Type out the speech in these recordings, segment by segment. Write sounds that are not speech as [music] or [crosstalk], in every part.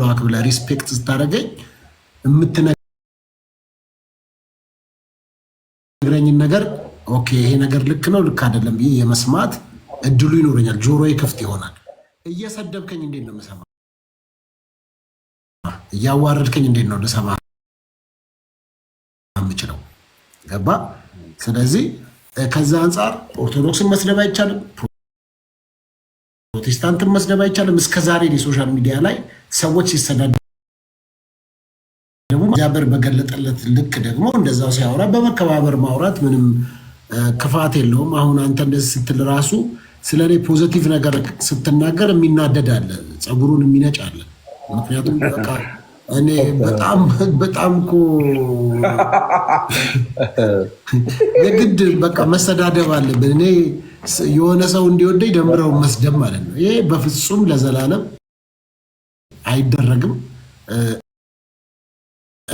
ሏክ ብላ ሪስፔክት ስታደርገኝ የምትነግረኝን ነገር ኦኬ ይሄ ነገር ልክ ነው ልክ አይደለም ብዬ የመስማት እድሉ ይኖረኛል። ጆሮ ክፍት ይሆናል። እየሰደብከኝ እንዴት ነው የምሰማ? እያዋረድከኝ እንዴት ነው ልሰማ የምችለው? ገባ? ስለዚህ ከዛ አንጻር ኦርቶዶክስን መስደብ አይቻልም፣ ፕሮቴስታንትን መስደብ አይቻልም። እስከዛሬ ሶሻል ሚዲያ ላይ ሰዎች ደግሞ እግዚአብሔር በገለጠለት ልክ ደግሞ እንደዛው ሲያወራ በመከባበር ማውራት ምንም ክፋት የለውም። አሁን አንተ እንደዚህ ስትል ራሱ ስለ እኔ ፖዘቲቭ ነገር ስትናገር የሚናደድ አለ፣ ፀጉሩን የሚነጭ አለ። ምክንያቱም እኔ በጣም [laughs] በጣም እኮ [laughs] የግድ በቃ መሰዳደብ አለብን። እኔ የሆነ ሰው እንዲወደኝ ደምረው መስደብ ማለት ነው። ይሄ በፍጹም ለዘላለም አይደረግም።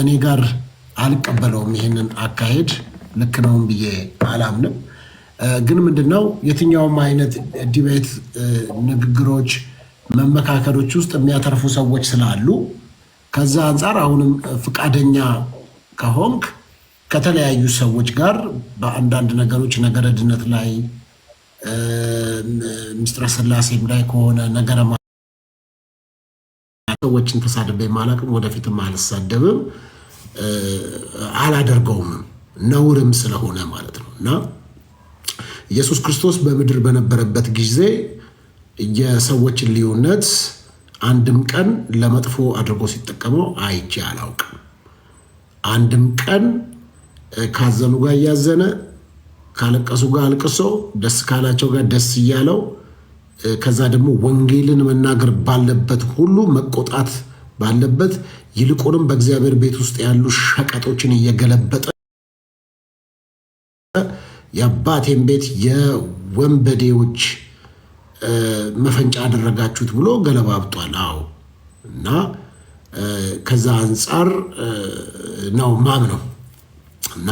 እኔ ጋር አልቀበለውም። ይህንን አካሄድ ልክ ነውም ብዬ አላምንም። ግን ምንድን ነው የትኛውም አይነት ዲቤት፣ ንግግሮች፣ መመካከሎች ውስጥ የሚያተርፉ ሰዎች ስላሉ ከዛ አንጻር አሁንም ፍቃደኛ ከሆንክ ከተለያዩ ሰዎች ጋር በአንዳንድ ነገሮች ነገረድነት ላይ ምስጢረ ስላሴም ላይ ከሆነ ነገረ ሰዎችን ተሳድቤም የማላቅም ወደፊትም አልሳደብም፣ አላደርገውም ነውርም ስለሆነ ማለት ነው እና ኢየሱስ ክርስቶስ በምድር በነበረበት ጊዜ የሰዎችን ልዩነት አንድም ቀን ለመጥፎ አድርጎ ሲጠቀመው አይቼ አላውቅም። አንድም ቀን ካዘኑ ጋር እያዘነ ካለቀሱ ጋር አልቅሶ ደስ ካላቸው ጋር ደስ እያለው ከዛ ደግሞ ወንጌልን መናገር ባለበት ሁሉ መቆጣት ባለበት ይልቁንም በእግዚአብሔር ቤት ውስጥ ያሉ ሸቀጦችን እየገለበጠ የአባቴን ቤት የወንበዴዎች መፈንጫ አደረጋችሁት ብሎ ገለባብጧል። አዎ እና ከዛ አንጻር ነው ማም ነው እና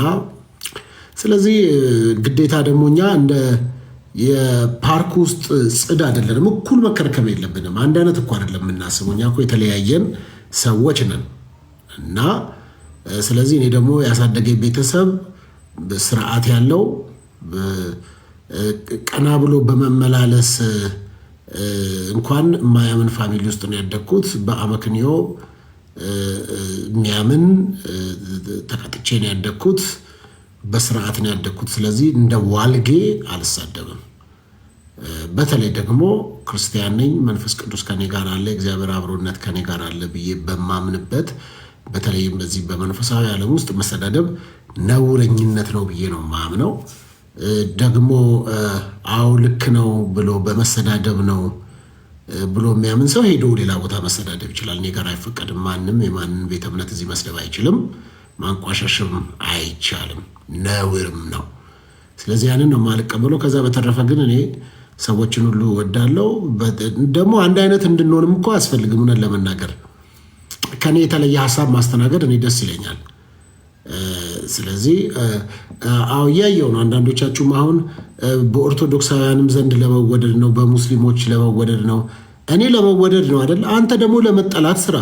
ስለዚህ ግዴታ ደግሞ እኛ እንደ የፓርክ ውስጥ ጽድ አይደለንም። እኩል መከርከም የለብንም። አንድ አይነት እኮ አይደለም የምናስበው። እኛ እኮ የተለያየን ሰዎች ነን እና ስለዚህ እኔ ደግሞ ያሳደገኝ ቤተሰብ ስርዓት ያለው ቀና ብሎ በመመላለስ እንኳን የማያምን ፋሚሊ ውስጥ ነው ያደግኩት። በአመክንዮ የሚያምን ተቀጥቼ ነው ያደግኩት። በስርዓት ነው ያደግኩት። ስለዚህ እንደ ዋልጌ አልሳደብም። በተለይ ደግሞ ክርስቲያን ነኝ፣ መንፈስ ቅዱስ ከኔ ጋር አለ፣ እግዚአብሔር አብሮነት ከኔ ጋር አለ ብዬ በማምንበት በተለይም በዚህ በመንፈሳዊ ዓለም ውስጥ መሰዳደብ ነውረኝነት ነው ብዬ ነው ማምነው። ደግሞ አው ልክ ነው ብሎ በመሰዳደብ ነው ብሎ የሚያምን ሰው ሄዶ ሌላ ቦታ መሰዳደብ ይችላል። እኔ ጋር አይፈቀድም። ማንም የማንን ቤተ እምነት እዚህ መስደብ አይችልም። ማንቋሸሽም አይቻልም፣ ነውርም ነው። ስለዚህ ያንን ነው የማልቀበለው። ከዛ በተረፈ ግን እኔ ሰዎችን ሁሉ ወዳለው ደግሞ አንድ አይነት እንድንሆንም እኮ አስፈልግም። እውነት ለመናገር ከኔ የተለየ ሀሳብ ማስተናገድ እኔ ደስ ይለኛል። ስለዚህ አዎ ነው። አንዳንዶቻችሁም አሁን በኦርቶዶክሳውያንም ዘንድ ለመወደድ ነው፣ በሙስሊሞች ለመወደድ ነው። እኔ ለመወደድ ነው አይደል? አንተ ደግሞ ለመጠላት ስራ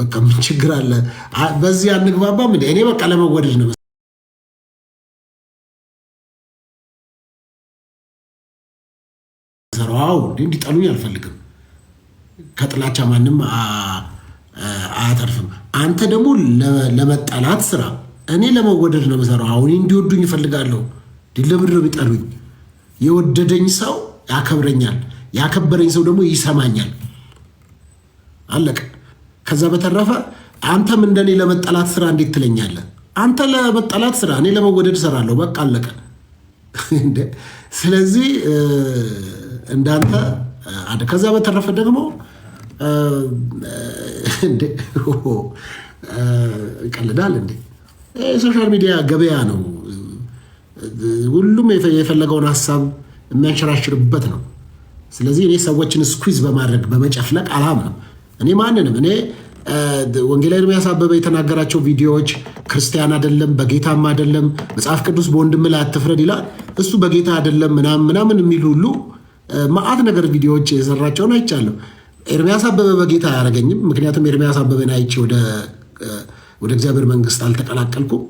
በቃ ምን ችግር አለ? በዚህ አንግባባ። ምን እኔ በቃ ለመወደድ ነው ሰራው እንዴ፣ እንዲጠሉኝ አልፈልግም። ከጥላቻ ማንም አያተርፍም። አንተ ደግሞ ለመጠላት ስራ፣ እኔ ለመወደድ ነው የምሰራው። አሁን እንዲወዱኝ እፈልጋለሁ። ለምንድን ቢጠሉኝ የወደደኝ ሰው ያከብረኛል፣ ያከበረኝ ሰው ደግሞ ይሰማኛል። አለቀ። ከዛ በተረፈ አንተም እንደኔ ለመጠላት ስራ እንዴት ትለኛለህ? አንተ ለመጠላት ስራ፣ እኔ ለመወደድ ስራለሁ። በቃ አለቀ። ስለዚህ እንዳንተ ከዛ በተረፈ ደግሞ ይቀልዳል እንዴ? ሶሻል ሚዲያ ገበያ ነው። ሁሉም የፈለገውን ሀሳብ የሚያንሸራሽርበት ነው። ስለዚህ እኔ ሰዎችን ስኩዝ በማድረግ በመጨፍለቅ አልሃም ነው እኔ ማንንም እኔ ወንጌላዊ ኤርምያስ አበበ የተናገራቸው ቪዲዮዎች ክርስቲያን አይደለም፣ በጌታም አይደለም፣ መጽሐፍ ቅዱስ በወንድም ላይ አትፍረድ ይላል፣ እሱ በጌታ አይደለም ምናምን ምናምን የሚሉ ሁሉ መዓት ነገር ቪዲዮዎች የሰራቸውን አይቻለሁ። ኤርምያስ አበበ በጌታ አያደርገኝም። ምክንያቱም ኤርምያስ አበበን አይቼ ወደ እግዚአብሔር መንግስት አልተቀላቀልኩም።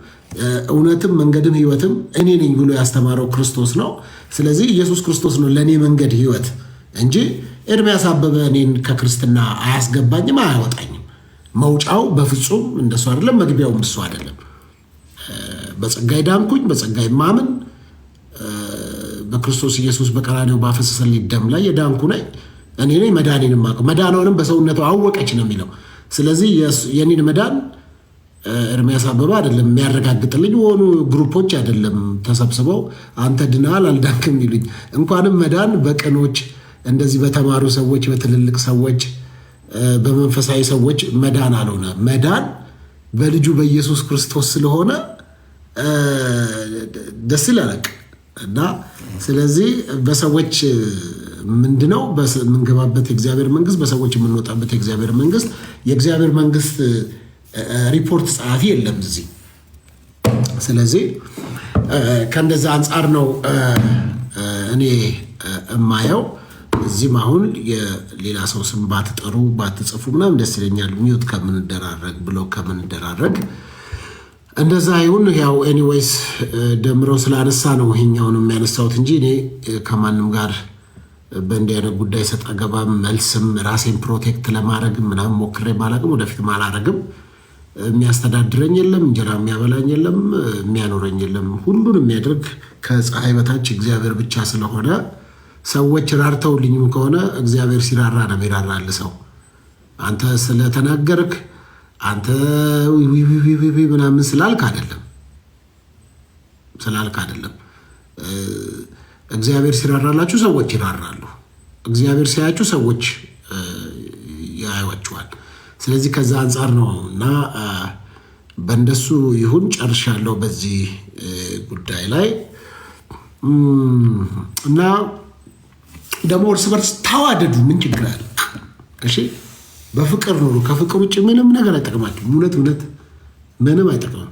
እውነትም መንገድም ህይወትም እኔ ነኝ ብሎ ያስተማረው ክርስቶስ ነው። ስለዚህ ኢየሱስ ክርስቶስ ነው ለእኔ መንገድ ህይወት እንጂ ኤርሚያስ አበበ እኔን ከክርስትና አያስገባኝም፣ አያወጣኝም። መውጫው በፍጹም እንደሱ አይደለም፣ መግቢያውም እሱ አይደለም። በጸጋይ ዳንኩኝ፣ በጸጋይ ማምን፣ በክርስቶስ ኢየሱስ በቀራኔው ባፈሰሰልኝ ደም ላይ የዳንኩ ነኝ። እኔ ነኝ መዳኔን አውቀው መዳኗንም በሰውነቱ አወቀች ነው የሚለው። ስለዚህ የኔን መዳን ኤርሚያስ አበበ አይደለም የሚያረጋግጥልኝ። የሆኑ ግሩፖች አይደለም ተሰብስበው አንተ ድናል አልዳንክም ይሉኝ። እንኳንም መዳን በቅኖች እንደዚህ በተማሩ ሰዎች፣ በትልልቅ ሰዎች፣ በመንፈሳዊ ሰዎች መዳን አልሆነ። መዳን በልጁ በኢየሱስ ክርስቶስ ስለሆነ ደስ ይላለቅ እና ስለዚህ በሰዎች ምንድነው የምንገባበት የእግዚአብሔር መንግስት፣ በሰዎች የምንወጣበት የእግዚአብሔር መንግስት። የእግዚአብሔር መንግስት ሪፖርት ጸሐፊ የለም እዚህ። ስለዚህ ከእንደዛ አንጻር ነው እኔ የማየው። እዚህም አሁን የሌላ ሰው ስም ባትጠሩ ባትጽፉ ምናምን ደስ ይለኛል፣ ሚዩት ከምንደራረግ ብሎ ከምንደራረግ እንደዛ ይሁን። ያው ኤኒዌይስ ደምረው ስላነሳ ነው ይሄኛውን የሚያነሳውት እንጂ እኔ ከማንም ጋር በእንዲህ አይነት ጉዳይ ሰጥ አገባ መልስም ራሴን ፕሮቴክት ለማድረግ ምናምን ሞክሬ ባላቅም ወደፊትም አላረግም። የሚያስተዳድረኝ የለም፣ እንጀራ የሚያበላኝ የለም፣ የሚያኖረኝ የለም። ሁሉን የሚያደርግ ከፀሐይ በታች እግዚአብሔር ብቻ ስለሆነ ሰዎች ራርተውልኝም ከሆነ እግዚአብሔር ሲራራ ነው ይራራል። ሰው አንተ ስለተናገርክ አንተ ምናምን ስላልክ አይደለም ስላልክ አይደለም። እግዚአብሔር ሲራራላችሁ ሰዎች ይራራሉ። እግዚአብሔር ሲያያችሁ ሰዎች ያዩዋችኋል። ስለዚህ ከዛ አንጻር ነው እና በእንደሱ ይሁን ጨርሻለሁ በዚህ ጉዳይ ላይ እና ደግሞ እርስ በርስ ተዋደዱ። ምን ችግር አለ? እሺ በፍቅር ኑሩ። ከፍቅር ውጭ ምንም ነገር አይጠቅማችሁ። እውነት እውነት ምንም አይጠቅምም።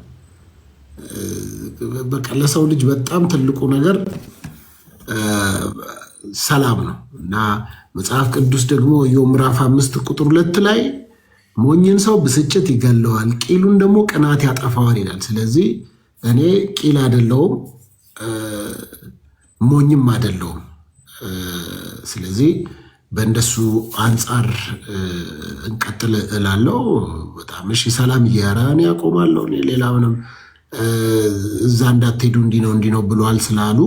በቃ ለሰው ልጅ በጣም ትልቁ ነገር ሰላም ነው እና መጽሐፍ ቅዱስ ደግሞ ኢዮብ ምዕራፍ አምስት ቁጥር ሁለት ላይ ሞኝን ሰው ብስጭት ይገለዋል፣ ቂሉን ደግሞ ቅናት ያጠፋዋል ይላል። ስለዚህ እኔ ቂል አይደለውም ሞኝም አይደለውም። ስለዚህ በእንደሱ አንጻር እንቀጥል እላለው በጣም እሺ፣ ሰላም እያራን ያቆማለሁ። ሌላ ምንም እዛ እንዳትሄዱ እንዲህ ነው እንዲህ ነው ብሏል ስላሉ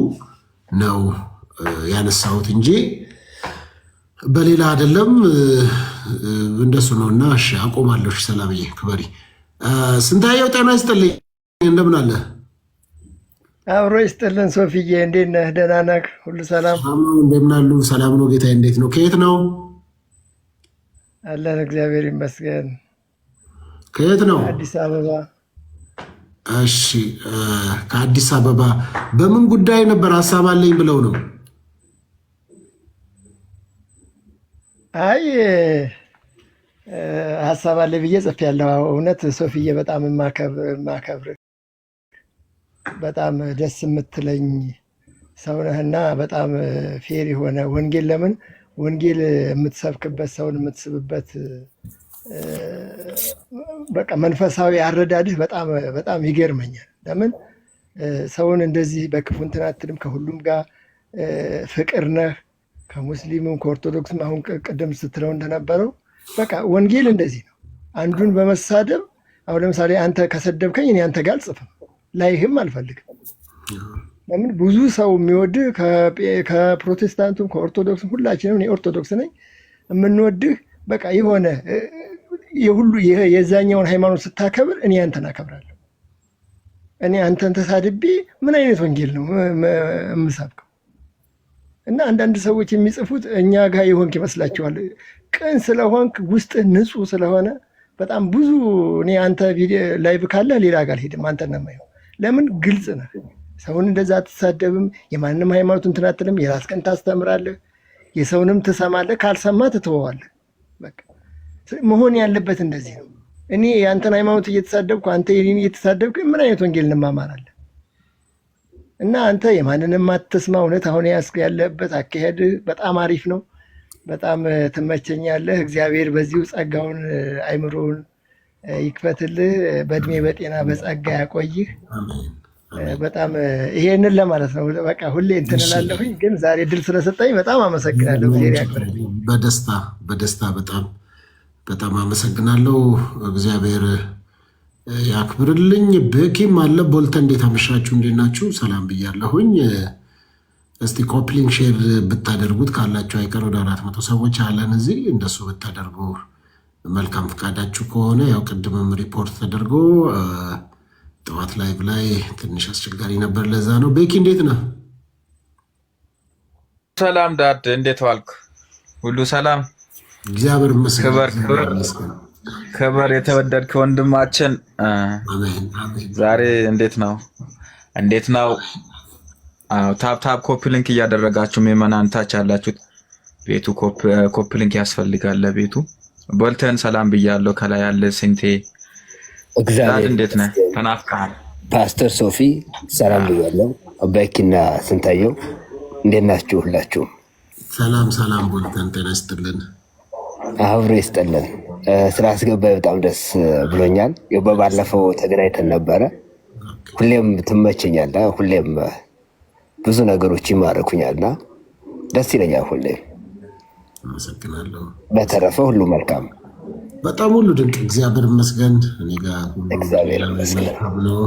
ነው ያነሳሁት እንጂ በሌላ አይደለም። እንደሱ ነው እና እሺ፣ አቆማለሁ። ሰላምዬ ክበሪ። ስንታየው ጤና ይስጥልኝ። እንደምን አለ? አብሮ ይስጥልን። ሶፍዬ እንዴት ነህ? ደህና ነህ? ሁሉ ሰላም እንደምናሉ? ሰላም ነው ጌታዬ። እንዴት ነው? ከየት ነው? አለን እግዚአብሔር ይመስገን። ከየት ነው? አዲስ አበባ። እሺ፣ ከአዲስ አበባ በምን ጉዳይ ነበር? ሀሳብ አለኝ ብለው ነው? አይ ሀሳብ አለ ብዬ ጽፌያለሁ። እውነት ሶፍዬ በጣም ማከብር በጣም ደስ የምትለኝ ሰው ነህና በጣም ፌር የሆነ ወንጌል ለምን ወንጌል የምትሰብክበት ሰውን የምትስብበት በቃ መንፈሳዊ አረዳድህ በጣም በጣም ይገርመኛል። ለምን ሰውን እንደዚህ በክፉ እንትን አትልም። ከሁሉም ጋር ፍቅር ነህ፣ ከሙስሊምም ከኦርቶዶክስም። አሁን ቅድም ስትለው እንደነበረው በቃ ወንጌል እንደዚህ ነው። አንዱን በመሳደብ አሁን ለምሳሌ አንተ ከሰደብከኝ እኔ አንተ ጋር አልጽፍም ላይህም አልፈልግም። ለምን ብዙ ሰው የሚወድህ ከፕሮቴስታንቱም ከኦርቶዶክስም፣ ሁላችንም ኦርቶዶክስ ነኝ የምንወድህ በቃ የሆነ የሁሉ የዛኛውን ሃይማኖት ስታከብር እኔ አንተን አከብራለሁ። እኔ አንተን ተሳድቤ ምን አይነት ወንጌል ነው የምሰብከው? እና አንዳንድ ሰዎች የሚጽፉት እኛ ጋር የሆንክ ይመስላቸዋል። ቅን ስለሆንክ ውስጥ ንጹህ ስለሆነ በጣም ብዙ እኔ አንተ ላይቭ ካለ ሌላ ጋር አልሄድም አንተን ነው የማይሆን ለምን ግልጽ ነህ። ሰውን እንደዛ አትሳደብም። የማንም ሃይማኖት እንትን አትልም። የራስ ቀን ታስተምራለህ። የሰውንም ትሰማለህ። ካልሰማ ትተወዋለህ። መሆን ያለበት እንደዚህ ነው። እኔ የአንተን ሃይማኖት እየተሳደብኩ አንተ የኔን እየተሳደብክ ምን አይነት ወንጌል እንማማራለን? እና አንተ የማንንም አትስማ። እውነት አሁን ያለበት አካሄድ በጣም አሪፍ ነው። በጣም ትመቸኛለህ። እግዚአብሔር በዚሁ ጸጋውን አይምሮውን ይክፈትልህ፣ በእድሜ በጤና በጸጋ ያቆይህ። በጣም ይሄንን ለማለት ነው። በቃ ሁሌ እንትንላለሁኝ፣ ግን ዛሬ ድል ስለሰጠኝ በጣም አመሰግናለሁ። እግዚአብሔር በደስታ በደስታ በጣም በጣም አመሰግናለሁ። እግዚአብሔር ያክብርልኝ። በኪም አለ ቦልተ፣ እንዴት አመሻችሁ? እንዴት ናችሁ? ሰላም ብያለሁኝ። እስቲ ኮፕሊንግ ሼር ብታደርጉት ካላችሁ አይቀር ወደ አራት መቶ ሰዎች አለን እዚህ እንደሱ ብታደርጉ መልካም ፈቃዳችሁ ከሆነ ያው ቅድምም ሪፖርት ተደርጎ ጠዋት ላይቭ ላይ ትንሽ አስቸጋሪ ነበር። ለዛ ነው። ቤኪ እንዴት ነው። ሰላም ዳድ፣ እንዴት ዋልክ? ሁሉ ሰላም፣ እግዚአብሔር ይመስገን። ክብር የተወደድክ ወንድማችን፣ ዛሬ እንዴት ነው? እንዴት ነው? ታፕ ታፕ ኮፒ ሊንክ እያደረጋችሁ ምዕመናን ታች ያላችሁት ቤቱ ኮፒ ሊንክ ያስፈልጋል ለቤቱ በልተን ሰላም ብያለሁ። ከላይ ያለ ስንቴ እግዚአብሔር እንዴት ነ ተናፍቀሃል። ፓስተር ሶፊ ሰላም ብያለሁ። አባይኪና ስንታየው እንዴት ናችሁ? ሁላችሁም ሰላም ሰላም። ቦልተን ተነስጥልን፣ አብሮ ይስጥልን። ስራ አስገባይ በጣም ደስ ብሎኛል። በባለፈው ተገናኝተን ነበረ። ሁሌም ትመቸኛለህ። ሁሌም ብዙ ነገሮች ይማረኩኛልና ደስ ይለኛል ሁሌም አመሰግናለሁ። በተረፈ ሁሉ መልካም፣ በጣም ሁሉ ድንቅ፣ እግዚአብሔር ይመስገን። እኔ ጋር መልካም ነው፣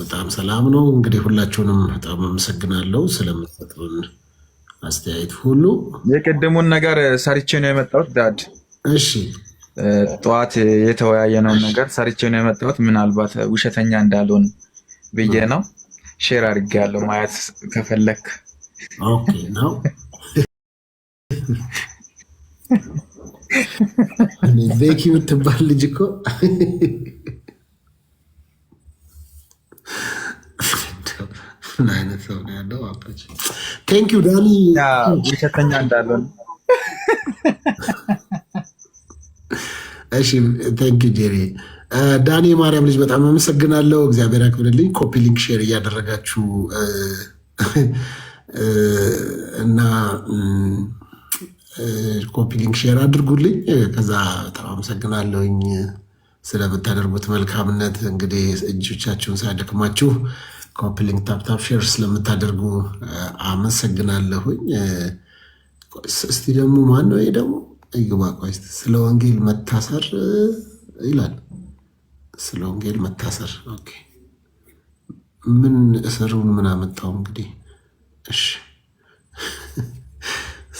በጣም ሰላም ነው። እንግዲህ ሁላችሁንም በጣም አመሰግናለሁ ስለምትሰጡን አስተያየት ሁሉ። የቅድሙን ነገር ሰርቼ ነው የመጣሁት ዳድ። እሺ ጠዋት የተወያየነውን ነገር ሰርቼ ነው የመጣሁት። ምናልባት ውሸተኛ እንዳልሆን ብዬ ነው ሼር አድርጌያለሁ። ማየት ከፈለክ ነው ዜኪ የምትባል ልጅ እኮ ምን አይነት ሰው ነው ያለው? ዳኒ እሺ ጄሪ ዳኒ የማርያም ልጅ በጣም አመሰግናለሁ። እግዚአብሔር ያክብርልኝ። ኮፒ ሊንክ ሼር እያደረጋችሁ እና ኮፒ ሊንክ ሼር አድርጉልኝ። ከዛ በጣም አመሰግናለሁኝ ስለምታደርጉት መልካምነት። እንግዲህ እጆቻችሁን ሳያደክማችሁ ኮፒ ሊንክ ታፕታፕ ሼር ስለምታደርጉ አመሰግናለሁኝ። እስቲ ደግሞ ማን ነው ይሄ ደግሞ ይግባ። ቆይ ስለ ወንጌል መታሰር ይላል። ስለ ወንጌል መታሰር ምን እስሩን ምን አመጣው እንግዲህ እሺ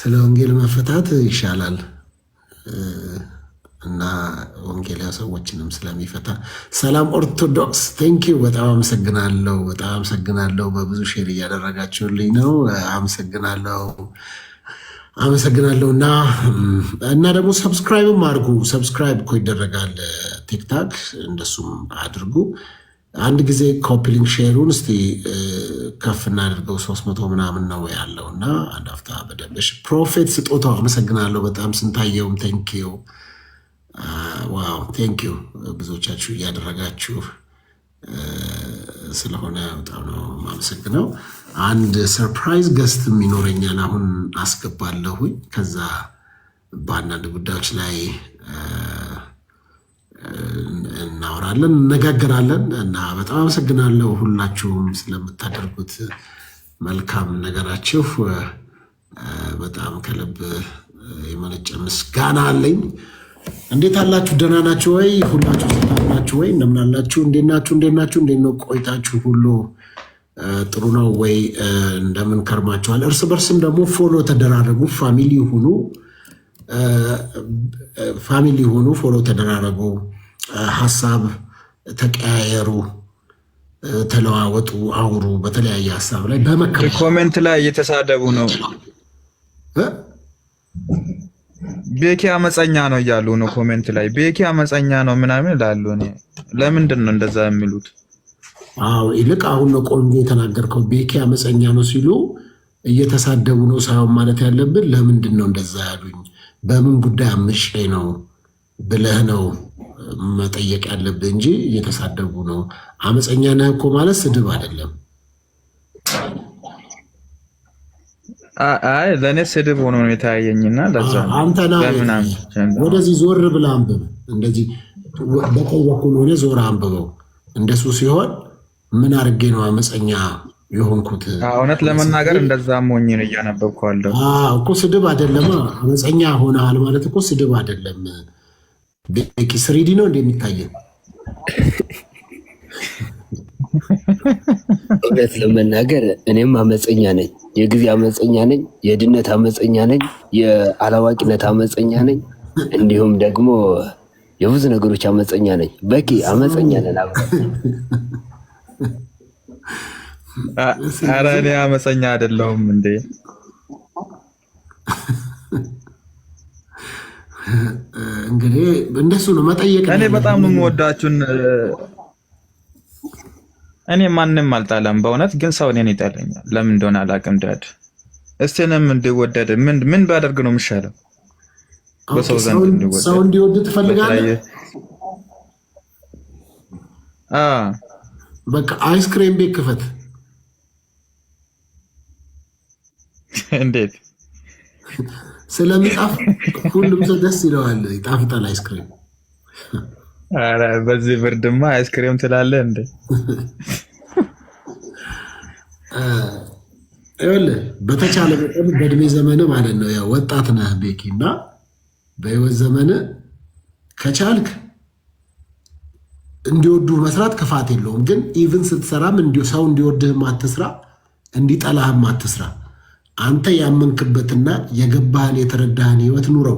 ስለ ወንጌል መፈታት ይሻላል እና ወንጌላ ሰዎችንም ስለሚፈታ ሰላም ኦርቶዶክስ ቴንኪው በጣም አመሰግናለሁ። በጣም አመሰግናለሁ። በብዙ ሼር እያደረጋችሁልኝ ነው። አመሰግናለሁ አመሰግናለሁ። እና እና ደግሞ ሰብስክራይብም አድርጉ። ሰብስክራይብ እኮ ይደረጋል ቲክታክ፣ እንደሱም አድርጉ። አንድ ጊዜ ኮፕሊንግ ሼሩን እስቲ ከፍ እናደርገው። ሶስት መቶ ምናምን ነው ያለው እና አንድ አፍታ በደንብሽ ፕሮፌት ስጦታው አመሰግናለሁ። በጣም ስንታየውም ቴንኪዩ ዋው ቴንኪዩ። ብዙዎቻችሁ እያደረጋችሁ ስለሆነ በጣም ነው የማመሰግነው። አንድ ሰርፕራይዝ ገስትም ይኖረኛል አሁን አስገባለሁኝ። ከዛ በአንዳንድ ጉዳዮች ላይ እናወራለን፣ እነጋገራለን እና በጣም አመሰግናለሁ ሁላችሁም ስለምታደርጉት መልካም ነገራችሁ። በጣም ከልብ የመነጨ ምስጋና አለኝ። እንዴት አላችሁ? ደህና ናችሁ ወይ? ሁላችሁ ሰላም ናችሁ ወይ? እንደምን አላችሁ? እንዴት ናችሁ? እንዴት ናችሁ? እንዴት ነው ቆይታችሁ? ሁሉ ጥሩ ነው ወይ? እንደምን ከርማችኋል? እርስ በርስም ደግሞ ፎሎ ተደራረጉ፣ ፋሚሊ ሁኑ። ፋሚሊ ሆኑ፣ ፎሎ ተደራረጉ፣ ሀሳብ ተቀያየሩ፣ ተለዋወጡ፣ አውሩ። በተለያየ ሀሳብ ላይ በመኮመንት ላይ እየተሳደቡ ነው። ቤኪ አመፀኛ ነው እያሉ ነው። ኮሜንት ላይ ቤኪ አመፀኛ ነው ምናምን ላሉ እኔ ለምንድን ነው እንደዛ የሚሉት? አዎ ይልቅ አሁን ነው ቆንጆ የተናገርከው። ቤኪ አመፀኛ ነው ሲሉ እየተሳደቡ ነው ሳይሆን ማለት ያለብን ለምንድን ነው እንደዛ ያሉኝ በምን ጉዳይ አምሼ ነው ብለህ ነው መጠየቅ ያለብህ እንጂ እየተሳደቡ ነው። አመፀኛ ነህ እኮ ማለት ስድብ አይደለም። አይ ለእኔ ስድብ ሆኖ ነው የታየኝና ለዛ አንተና ወደዚህ ዞር ብለህ አንብብ። እንደዚህ በቀኝ ሆነ ዞር አንብበው። እንደሱ ሲሆን ምን አድርጌ ነው አመፀኛ የሆንኩት እውነት ለመናገር እንደዛ ሞኝ ነው እያነበብኳለሁ እኮ። ስድብ አይደለም አመፀኛ ሆነሃል ማለት እኮ ስድብ አይደለም። ቤቂ ስሪዲ ነው እንደሚታየ እውነት ለመናገር እኔም አመፀኛ ነኝ። የጊዜ አመፀኛ ነኝ። የድነት አመፀኛ ነኝ። የአላዋቂነት አመፀኛ ነኝ። እንዲሁም ደግሞ የብዙ ነገሮች አመፀኛ ነኝ። በቂ አመፀኛ ነን። [laughs] ኧረ እኔ አመፀኛ አይደለሁም እንዴ! እንግዲህ እንደሱ ነው መጠየቅ። እኔ በጣም ነው የምወዳችሁን። እኔ ማንም አልጣለም በእውነት ግን ሰው እኔን ይጠለኛል። ለምን እንደሆነ አላውቅም። ዳድ እስቴንም እኔም እንዲወደድ ምን ምን ባደርግ ነው የሚሻለው? በሰው ዘንድ እንዲወደድ ሰው እንዲወድ ትፈልጋለህ? አ በቃ አይስክሬም ቤት ክፈት። [laughs] እንዴት ስለሚጣፍ ሁሉም ሰው ደስ ይለዋል። ይጣፍጣል አይስክሬም። በዚህ ብርድማ አይስክሪም ትላለ እንዴ? ይኸውልህ በተቻለ መጠን በእድሜ ዘመን ማለት ነው ያው ወጣት ነህ ቤኪ፣ እና በህይወት ዘመን ከቻልክ እንዲወዱ መስራት ክፋት የለውም። ግን ኢቭን ስትሰራም ሰው እንዲወድህም አትስራ፣ እንዲጠላህም አትስራ። አንተ ያመንክበትና የገባህን የተረዳህን ህይወት ኑረው።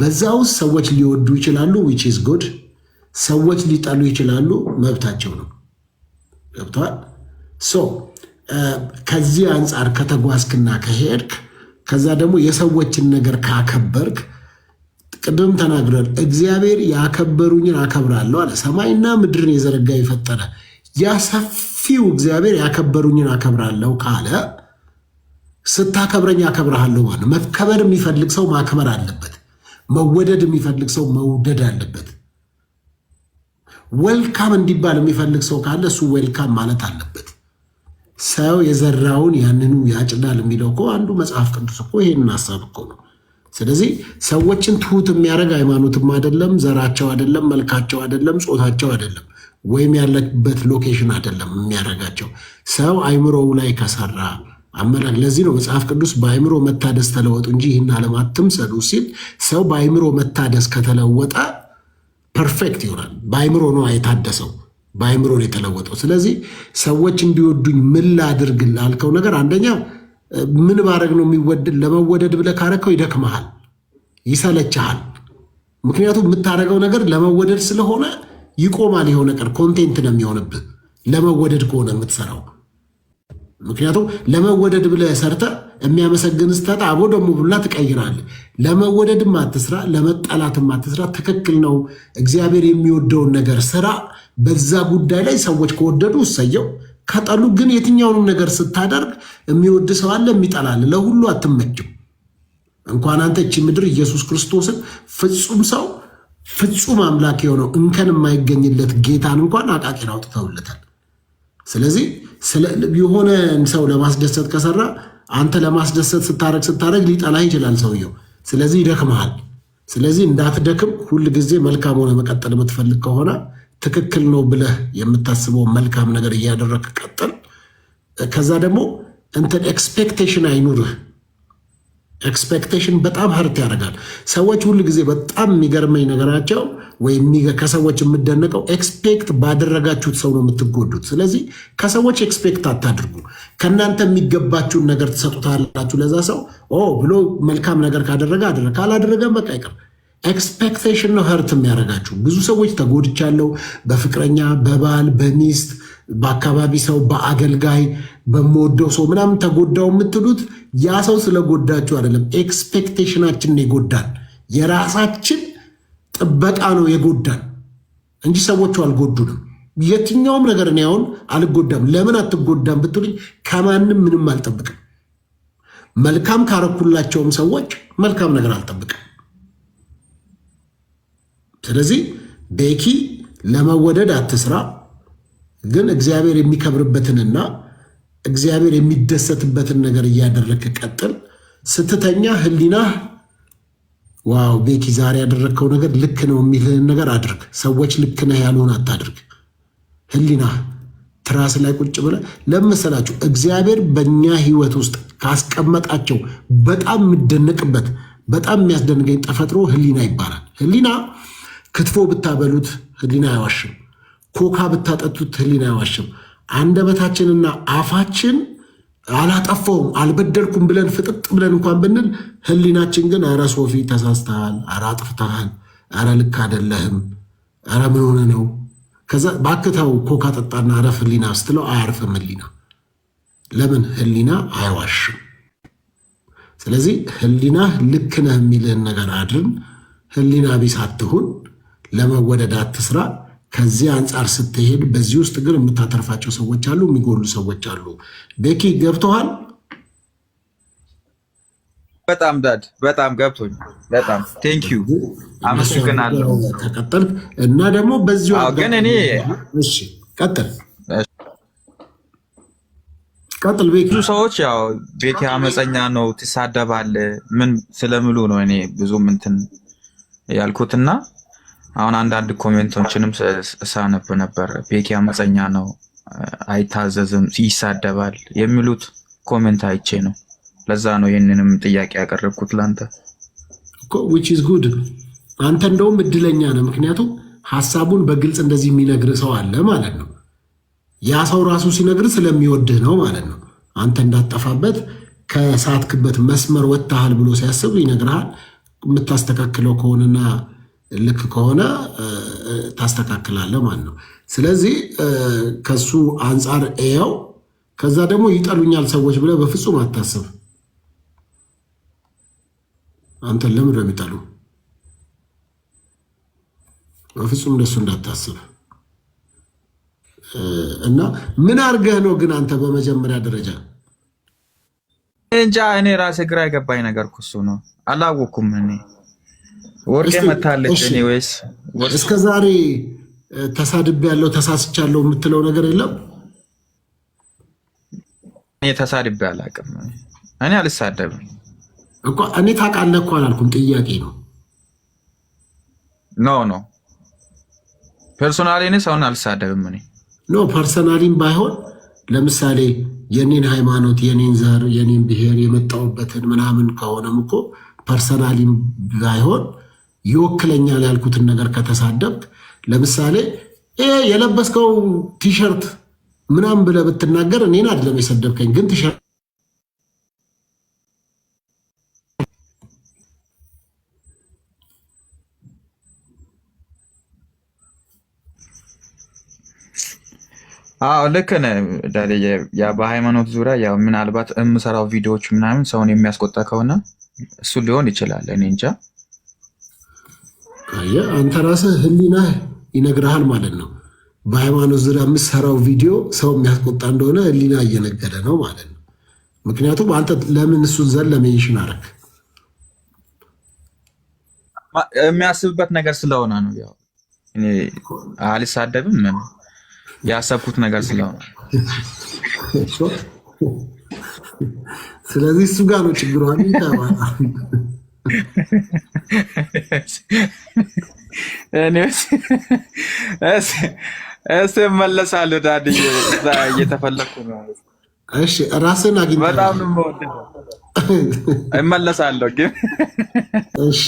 በዛ ውስጥ ሰዎች ሊወዱ ይችላሉ፣ ዊች ኢዝ ጉድ። ሰዎች ሊጠሉ ይችላሉ፣ መብታቸው ነው። ገብተዋል። ሶ ከዚህ አንጻር ከተጓዝክና ከሄድክ ከዛ ደግሞ የሰዎችን ነገር ካከበርክ ቅድም ተናግረን እግዚአብሔር ያከበሩኝን አከብራለሁ አለ። ሰማይና ምድርን የዘረጋ የፈጠረ ያ እግዚአብሔር ያከበሩኝን አከብራለሁ ካለ ስታከብረኝ አከብረሃለሁ ማለት መከበር የሚፈልግ ሰው ማክበር አለበት። መወደድ የሚፈልግ ሰው መውደድ አለበት። ወልካም እንዲባል የሚፈልግ ሰው ካለ እሱ ዌልካም ማለት አለበት። ሰው የዘራውን ያንኑ ያጭዳል የሚለው እኮ አንዱ መጽሐፍ ቅዱስ እኮ ይሄንን ሀሳብ እኮ ነው። ስለዚህ ሰዎችን ትሁት የሚያደርግ ሃይማኖትም አይደለም፣ ዘራቸው አይደለም፣ መልካቸው አይደለም፣ ጾታቸው አይደለም፣ ወይም ያለበት ሎኬሽን አይደለም የሚያደርጋቸው ሰው አይምሮው ላይ ከሰራ አመላክ ለዚህ ነው መጽሐፍ ቅዱስ በአእምሮ መታደስ ተለወጡ እንጂ ይህን ዓለም አትምሰሉ ሲል፣ ሰው በአእምሮ መታደስ ከተለወጠ ፐርፌክት ይሆናል። በአይምሮ ነው የታደሰው፣ በአይምሮ ነው የተለወጠው። ስለዚህ ሰዎች እንዲወዱኝ ምን ላድርግ ላልከው ነገር አንደኛው ምን ማድረግ ነው የሚወደድ? ለመወደድ ብለህ ካረከው ይደክመሃል፣ ይሰለችሃል። ምክንያቱም የምታደርገው ነገር ለመወደድ ስለሆነ ይቆማል። የሆነ ቀን ኮንቴንት ነው የሚሆንብህ ለመወደድ ከሆነ የምትሰራው ምክንያቱም ለመወደድ ብለህ ሰርተህ የሚያመሰግን ስተት አቦ ደሞ ብላ ትቀይራለህ። ለመወደድም አትስራ፣ ለመጠላትም አትስራ። ትክክል ነው። እግዚአብሔር የሚወደውን ነገር ስራ። በዛ ጉዳይ ላይ ሰዎች ከወደዱ እሰየው፣ ከጠሉ ግን የትኛውንም ነገር ስታደርግ የሚወድ ሰው አለ፣ የሚጠላል። ለሁሉ አትመችም። እንኳን አንተ እቺ ምድር ኢየሱስ ክርስቶስን ፍጹም ሰው ፍጹም አምላክ የሆነው እንከን የማይገኝለት ጌታን እንኳን አቃቂን አውጥተውለታል። ስለዚህ የሆነ ሰው ለማስደሰት ከሰራ አንተ ለማስደሰት ስታረግ ስታረግ ሊጠላህ ይችላል ሰውየው። ስለዚህ ይደክመሃል። ስለዚህ እንዳትደክም ሁል ጊዜ መልካም ሆነ መቀጠል የምትፈልግ ከሆነ ትክክል ነው ብለህ የምታስበው መልካም ነገር እያደረግ ቀጥል። ከዛ ደግሞ እንትን ኤክስፔክቴሽን አይኑርህ። ኤክስፔክቴሽን በጣም ሀርት ያደርጋል። ሰዎች ሁል ጊዜ በጣም የሚገርመኝ ነገራቸው ወይም ከሰዎች የምደነቀው ኤክስፔክት ባደረጋችሁት ሰው ነው የምትጎዱት። ስለዚህ ከሰዎች ኤክስፔክት አታድርጉ። ከእናንተ የሚገባችሁን ነገር ትሰጡታላችሁ ለዛ ሰው ብሎ መልካም ነገር ካደረገ አደረገ፣ ካላደረገም በቃ ይቅር። ኤክስፔክቴሽን ነው ሀርት የሚያደርጋችሁ። ብዙ ሰዎች ተጎድቻለሁ፣ በፍቅረኛ በባል በሚስት በአካባቢ ሰው፣ በአገልጋይ፣ በምወደው ሰው ምናምን ተጎዳው የምትሉት ያ ሰው ስለጎዳችሁ አይደለም። ኤክስፔክቴሽናችንን ይጎዳል የራሳችን ጥበቃ ነው የጎዳን እንጂ ሰዎቹ አልጎዱንም። የትኛውም ነገር እኔ አሁን አልጎዳም። ለምን አትጎዳም ብትሉኝ ከማንም ምንም አልጠብቅም። መልካም ካረኩላቸውም ሰዎች መልካም ነገር አልጠብቅም። ስለዚህ ቤኪ ለመወደድ አትስራ። ግን እግዚአብሔር የሚከብርበትንና እግዚአብሔር የሚደሰትበትን ነገር እያደረግ ቀጥል። ስትተኛ ህሊናህ ዋው ቤቲ ዛሬ ያደረግከው ነገር ልክ ነው የሚልህን ነገር አድርግ። ሰዎች ልክ ነህ ያልሆን አታድርግ። ህሊናህ ትራስ ላይ ቁጭ ብለህ ለመሰላችሁ እግዚአብሔር በእኛ ህይወት ውስጥ ካስቀመጣቸው በጣም የምደነቅበት በጣም የሚያስደንገኝ ተፈጥሮ ህሊና ይባላል። ህሊና ክትፎ ብታበሉት ህሊና አይዋሽም። ኮካ ብታጠጡት ህሊና አይዋሽም። አንደበታችንና አፋችን አላጠፋውም አልበደልኩም ብለን ፍጥጥ ብለን እንኳን ብንል ህሊናችን ግን ኧረ ሶፊ ተሳስተሃል፣ ኧረ አጥፍተሃል፣ ኧረ ልክ አይደለህም፣ ኧረ ምን ሆነ ነው ከዛ ባክተው ኮካ ጠጣና አረፍ ህሊና ስትለው አያርፍም ህሊና። ለምን ህሊና አይዋሽም። ስለዚህ ህሊና ልክ ነህ የሚልህን ነገር አድርን። ህሊና ቢስ አትሁን። ለመወደድ አትስራ። ከዚህ አንጻር ስትሄድ በዚህ ውስጥ ግን የምታተርፋቸው ሰዎች አሉ፣ የሚጎሉ ሰዎች አሉ። ቤኪ ገብተዋል። በጣም ዳድ በጣም ገብቶኝ፣ በጣም ቴንክ ዩ አመሰግናለሁ። ተቀጠል እና ደግሞ በዚሁ ግን እኔ ቀጥል ቀጥል ቤኪ ብዙ ሰዎች ያው ቤኪ አመፀኛ ነው ትሳደባለ ምን ስለምሉ ነው እኔ ብዙ ምንትን ያልኩትና አሁን አንዳንድ ኮሜንቶችንም ሳነብ ነበር። ቤኪ አመፀኛ ነው፣ አይታዘዝም፣ ይሳደባል የሚሉት ኮሜንት አይቼ ነው። ለዛ ነው ይህንንም ጥያቄ ያቀረብኩት ለአንተ። ዊች ኢዝ ጉድ። አንተ እንደውም እድለኛ ነው፣ ምክንያቱም ሀሳቡን በግልጽ እንደዚህ የሚነግር ሰው አለ ማለት ነው። ያ ሰው ራሱ ሲነግር ስለሚወድህ ነው ማለት ነው። አንተ እንዳጠፋበት ከሳትክበት መስመር ወጥተሃል ብሎ ሲያስብ ይነግርሃል። የምታስተካክለው ከሆነና ልክ ከሆነ ታስተካክላለህ ማለት ነው። ስለዚህ ከሱ አንጻር እየው። ከዛ ደግሞ ይጠሉኛል ሰዎች ብለህ በፍጹም አታስብ። አንተን ለምን ነው የሚጠሉ? በፍጹም እንደሱ እንዳታስብ እና ምን አድርገህ ነው ግን አንተ በመጀመሪያ ደረጃ እንጃ። እኔ ራሴ ግራ የገባኝ ነገር እኮ እሱ ነው። አላወኩም እኔ ወርቄ መታለች። ወይስ እስከ ዛሬ ተሳድብ ያለው ተሳስቻለሁ የምትለው ነገር የለም? እኔ ተሳድቤ አላውቅም። እኔ አልሳደብም እኮ እኔ ታውቃለህ እኮ አላልኩም። ጥያቄ ነው። ኖ ኖ ፐርሶናሊ እኔ ሰውን አልሳደብም። እኔ ኖ ፐርሶናሊም ባይሆን ለምሳሌ የኔን ሃይማኖት፣ የኔን ዘር፣ የኔን ብሔር የመጣውበትን ምናምን ከሆነም እኮ ፐርሶናሊም ባይሆን ይወክለኛል ያልኩትን ነገር ከተሳደብክ፣ ለምሳሌ የለበስከው ቲሸርት ምናምን ብለህ ብትናገር እኔን አይደለም የሰደብከኝ፣ ግን ቲሸርት አዎ ልክ በሃይማኖት ዙሪያ ያው ምናልባት የምሰራው ቪዲዮዎች ምናምን ሰውን የሚያስቆጣ ከሆነ እሱ ሊሆን ይችላል። እኔ እንጃ። አንተ ራስህ ህሊናህ ይነግርሃል ማለት ነው። በሃይማኖት ዙሪያ የምትሰራው ቪዲዮ ሰው የሚያስቆጣ እንደሆነ ህሊና እየነገደ ነው ማለት ነው። ምክንያቱም አንተ ለምን እሱን ዘን ለሜንሽን አደረክ? የሚያስብበት ነገር ስለሆነ ነው። ያው ያሰብኩት ነገር ስለሆነ ስለዚህ እሱ ጋር ነው ችግሯ። እስ መለሳለሁ ዳድዬ፣ እዛ እየተፈለኩ ነው። እሺ ራስን አግኝ። በጣም እመለሳለሁ ግን እሺ